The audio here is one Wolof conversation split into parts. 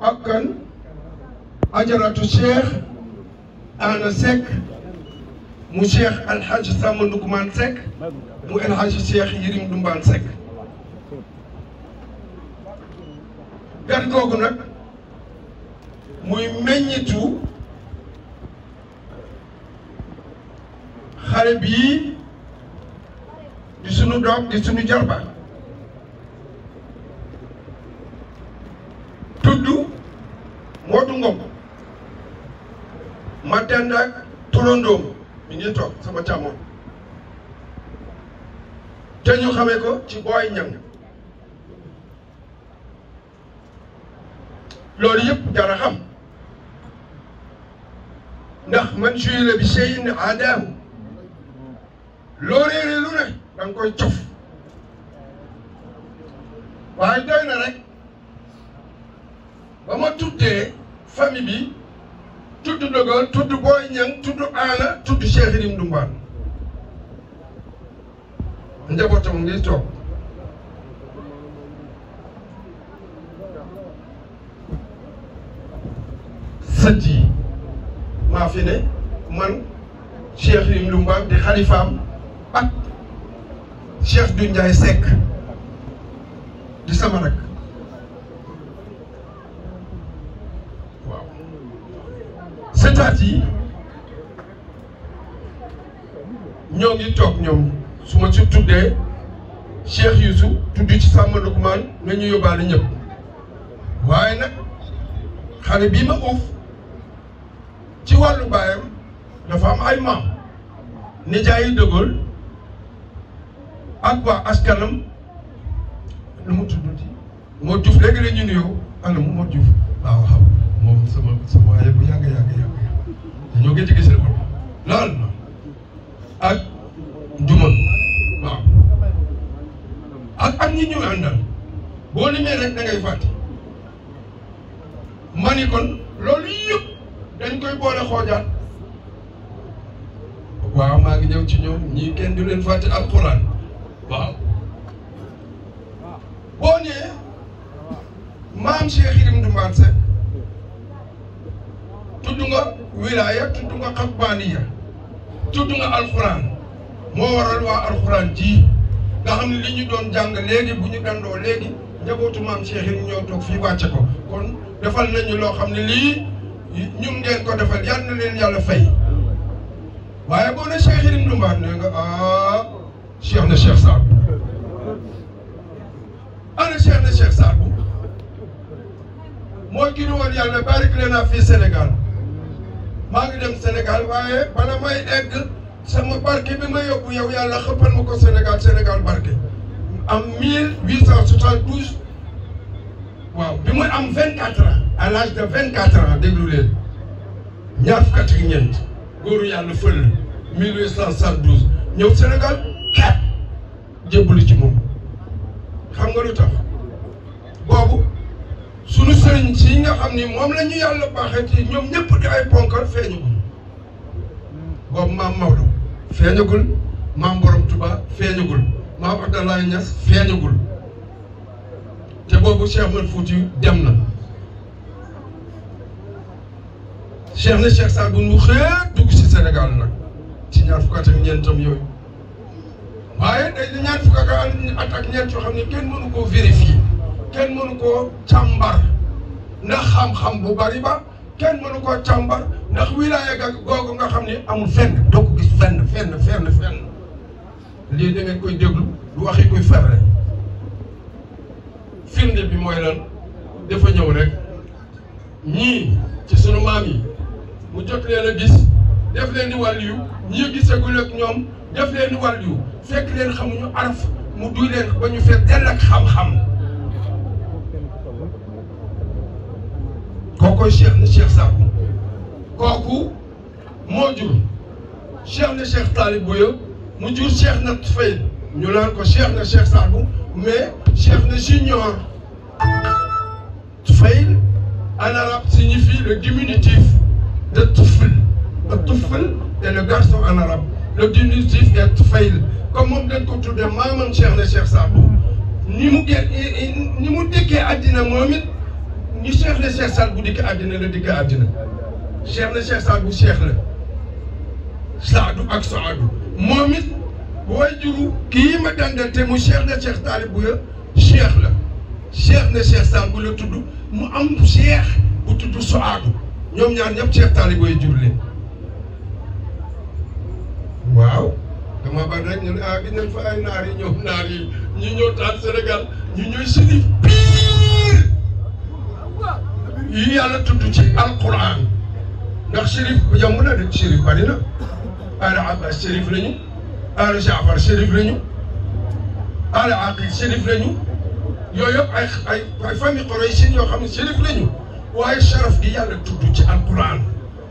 ak kan ajaratu Cheikh Ana Seck mu Cheikh El Hadj Samba Ndoukoumane Seck mu El Hadj Cheikh Dumbaan Seck gan nag muy meññitu xale bii di sunu doom di sunu jarba ànd ak mi ngi toog sama càmmoon te ñu xamee ko ci booy ñang loolu yëpp dara xam ndax man suy la bi seyin aadaahu loo réeree lu ne da koy cof waaye doy na rek ba ma tuddee famille tudd Ndogol tudd Boy Niang tudd Aana tudd Cheikh Yérim Ndumbaan njabootam ngi toog sët yi maa fi ne man Cheikh Yérim Ndumbaan di xalifaam ak Cheikh du Ndiaye Seck di sama parti yi ñoo ngi toog ñoom su ma ci tuddee Cheikh su tudd ci Samba Loukman na ñu yóbbaale ñëpp waaye nag xale bii ma uuf ci wàllu baayam dafa am ay maam nijaayi De Gaulle ak waa askanam lu mu tudd moo Diouf léegi la ñu nuyoo ana mu moo Diouf waaw so sama sama waaye bu yàgg yàgg yàgg dañoo gëj a gis récolte lool ak juma ak ak ñi ñu àndal boo limee rek da ngay fàtte kon loolu yëpp dañ koy boole xoojaat waaw maa ngi ñëw ci ñoom ñii kenn du leen fàtte alxuraan waaw boo nee maam Cheikh Ibrahima tudd nga wilaaya tudd nga xabbaaniya tudd nga alxuraan moo waral waa alxuraan ji nga xam ne li ñu doon jàng léegi bu ñu dandoo léegi njabootu maam Cheikh ñoo toog fii wàcce ko kon defal nañu loo xam ne lii ñun ngeen ko defal yal na leen yàlla fay waaye boo ne Cheikh Yérim Ndoumbaat nee nga ah Cheikh na Cheikh Saad Bou ana Cheikh na Cheikh Saad Bou mooy ki fii Sénégal maa ngi dem Sénégal waaye bala may egg sama barke bi ma yóbbu yow yàlla xëppal ma ko Sénégal Sénégal barke am mille huit cent soixante douze waaw bi muy am vingt quatre ans à de vingt quatre ans déglu leen ñaar fukk ak ñeent góoru yàlla fël mille huit cent soixante douze ñëw Sénégal xeet jébbalu ci moom xam nga lu tax boobu sëriñ si nga xam ni moom la ñu yàlla baaxee ci ñoom ñëpp di ay ponkal feeñagul boobu maam Maodo feeñagul maam Borom Touba feeñagul maam Abdoulaye Niass feeñagul te boobu Cheikh Mal Fouti dem na. Cheikh na Cheikh Saad Bou mu xëy dugg si Sénégal nag ci ñaar fukk at ak ñeentam yooyu waaye day di ñaar fukk ak at ak ñeent yoo xam ne kenn mënu ndax xam-xam bu bari ba kenn mënu koo càmbar ndax wilaya ga googu nga xam ne amul fenn doo ko gis fenn fenn fenn fenn lii da ngeen koy déglu du waxi kuy fer firnde bi mooy lan dafa ñëw rekk ñii ci sunu maam yi mu jot leen a gis def leen di wàll yu ñii gisagul ak ñoom def leen di wàll yu fekk leen xamuñu araf mu duy leen ba ñu fekk dell ak xam-xam koy cheikh na cheikh Sakku kooku moo jur cheikh na cheikh Talib Bouya mu jur cheikh na Faye ñu naan ko cheikh na cheikh Sakku mais cheikh na junior Faye en arabe signifie le de Tufl le Tufl est le garçon en arabe le diminutif est Tufayl comme moom dañ ko tuddee maamam na cheikh Sakku ni mu génn ni mu ni cheikh na cheikh Saad bu dikk àddina la dikk àddina cheikh na cheikh Saad bu cheikh la saadu ak saadu moom it way juru kii ma dandante mu cheikh na cheikh Taalib bu ya cheikh la cheikh na cheikh Saad bu la tudd mu am cheikh bu tudd saadu ñoom ñaar ñëpp cheikh Taalib way jur leen waaw dama bari rek ñu ne ah gis ñu taal Sénégal ñu ñooy sëriñ yi yàlla tudd ci alquran ndax shérif yomb na de shérif bari na ala abbas shérif la ñu ala jaafar shérif la ñu ala aqil shérif la ñu yooyu yëpp ay ay ay famille quraysin yoo xam ne shérif la ñu waaye sharaf gi yàlla tudd ci alquran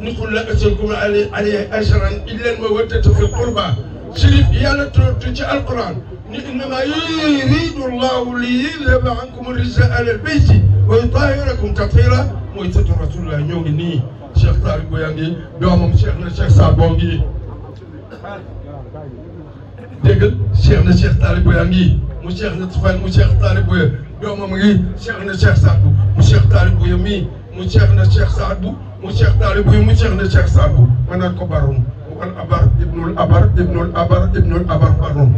ni qul laa as'alukum alayhi ajran illa al-mawaddata fil qurba shérif gi yàlla tudd ci alquran ni innamaa yuridu llahu liyuzhiba ankum rijsa ahlal bayti wa yutahirakum katira mooy sëtu rasulullah ñoo ngi nii Cheikh Tariq Boye a ngi doomam Cheikh na Cheikh Sadboo ngi dégg Cheikh na Cheikh Tariq Boye a ngi mu Cheikh na Tufaan mu Cheikh Tariq Boye doomam ngi Cheikh na Cheikh Sadbu mu Cheikh Tariq Boye mii mu Cheikh na Cheikh Sadbu mu Cheikh Tariq Boye mu Cheikh na Cheikh Sadbu ma naan ko baroon wal abar ibnul abar ibnul abar ibnul abar baroon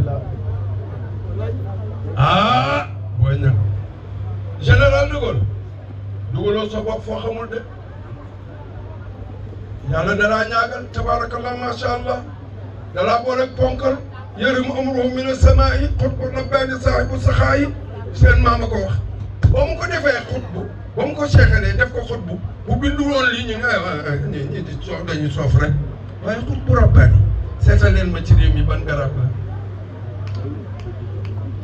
dugal sa bopp foo xamul de yàlla dalaa ñaagal tabaarakallah macha allah dalaa boole ponkal yërimu amruhu mina samaa'i xutbu rabbaani saahibu saxaayi seen maama ko wax. boo mu ko defee xutbu ba mu ko seexalee def ko xutbu bu bindu woon lii ñu ne ah, ah, ah ñii di soof dañuy soof rek waaye xutbu rabbaani seetal leen ma ci réew mi ban garab la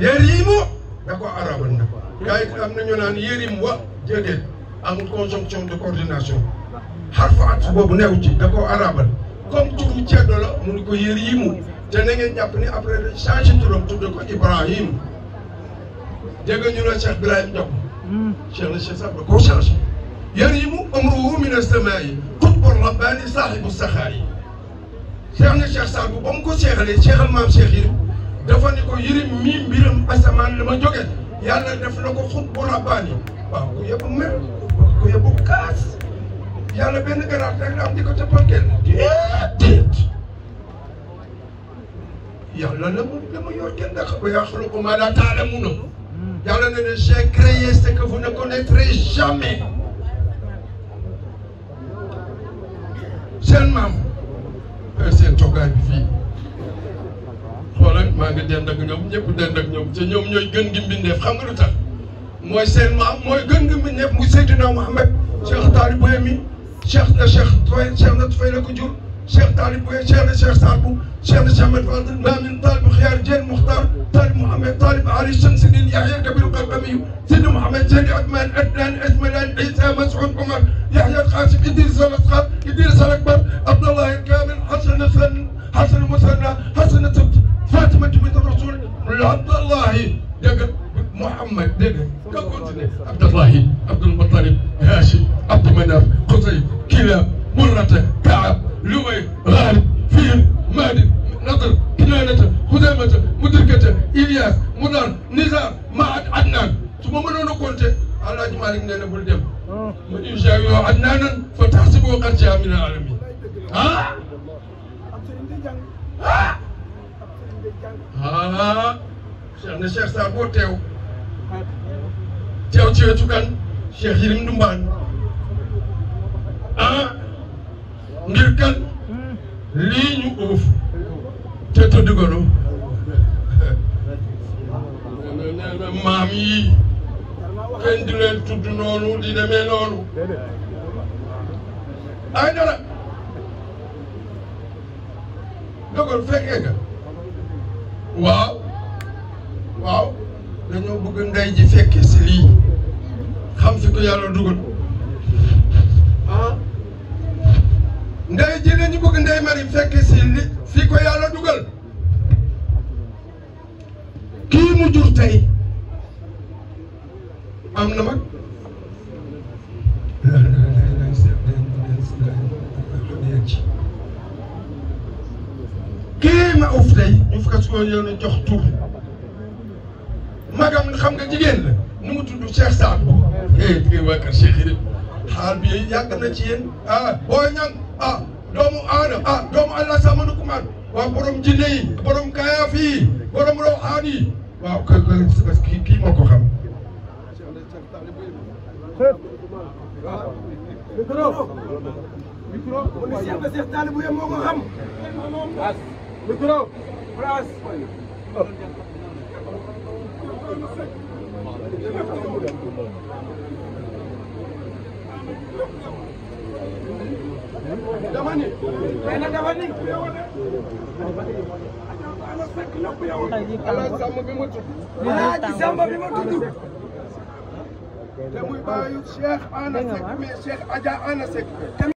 yërimu da ko arabal na. gaa am na ñu naan yërim wa jëdeet. amul conjonction de coordination xarfa at boobu neew ci da koo arabal comme turu ceddo mu ni ko Yérimu te na ngeen jàpp ni après de changé turam tudde ko Ibrahim dégg ñu ne Cheikh Ibrahim Diop Cheikh na Cheikh sax da koo changé Yérimu amruhu min as-samaa'i qutbu rabbaani saahibu saxaa'i Cheikh na Cheikh sax bu ba mu ko seexalee seexal maam Cheikh Yérim dafa ni ko Yérim mii mbiram asamaan la ma jóge yàlla def na ko xutbu rabbaani waaw ku yëpp mer ku yóbbu kaas yàlla benn garaat rek la am di ko toppal kenn déedéet yàlla la mu la mu yor kenn ndax ba yaxluqu ma la taalamuuna yàlla ne ne j'ai créé ce que vous ne connaîtrez jamais seen maam eh, seen toogaay bi fii xoolal maa ngi dend ak ñoom ñëpp gën gi mbindeef xam mooy seen maam mooy gën nga mi ñëpp mu Seydina Mohamed Cheikh Taalib Bouye mi Cheikh na Cheikh Tufay Cheikh na Tufay la ko jur Cheikh Taalib Bouye Cheikh na Cheikh Saadbou Cheikh na Cheikh Ahmed Fadel Ndaamin Taalib Xiyaar Dieng Muxtaar Taalib Mohamed Taalib Ali Shamsuddin Yahya Kabir Kalkamiyu Sidi Mohamed Seydi Othman Adnan Ismailaan Isa Masoud Omar Yahya Xaasim Idris Al Asxar Idris Al Akbar Abdallah Kamil Xasan San Xasan Musanna Xasan Fatima bint Rasul Abdallahi dëgg Mouhamad dégg nga nga continué Abdallahi Abdul Muttalib Hachim Abdu Manaf Xusay Kila Murrata Kaab Luway Gaalib Fiil Maadi Nadr Kinaanata Xudaymata Mudirkata Ilias Mudar Nizar Maad Adnaan su ma mënoon a compter Alaaji Malik nee na bul dem ma incha allah Adnaanan fa taxsiboo qad jaa min alamin ah ah ah Cheikh na Cheikh Sarr boo teew. teew ci wetu kan Cheikh Yérim Ndumbaan ah ngir kan lii ñu uuf te tëddëgalu maam yi kenn du leen tudd noonu di demee noonu ay dara dogal fekkee nga ndey ji fekkee si lii xam fi yàlla dugal ah ndey ji nañu bëgg ndey mari fekkee si li fi ko yàlla dugal kii mu jur tey am na mag kii ma uf tey ñu fas ko yoonu jox tur magam xam nga jigéen nu mu tudd Cheikh Sarr eh digg waa kër Cheikh Ibrahima xaal bi yàgg na ci yéen ah booy ñang ah doomu aada ah, doomu allah samanu kumaan waaw borom jinne yi borom kayaaf yi borom roxaan yi waaw kay kii moo ko dama ni tey nag dafa ni ku yow de ala fekk lépp yow ala sàmm bi ma tudd ala ji sàmm bi ma tudd te muy baayu Cheikh Ana Seck mais Cheikh Adja Ana Seck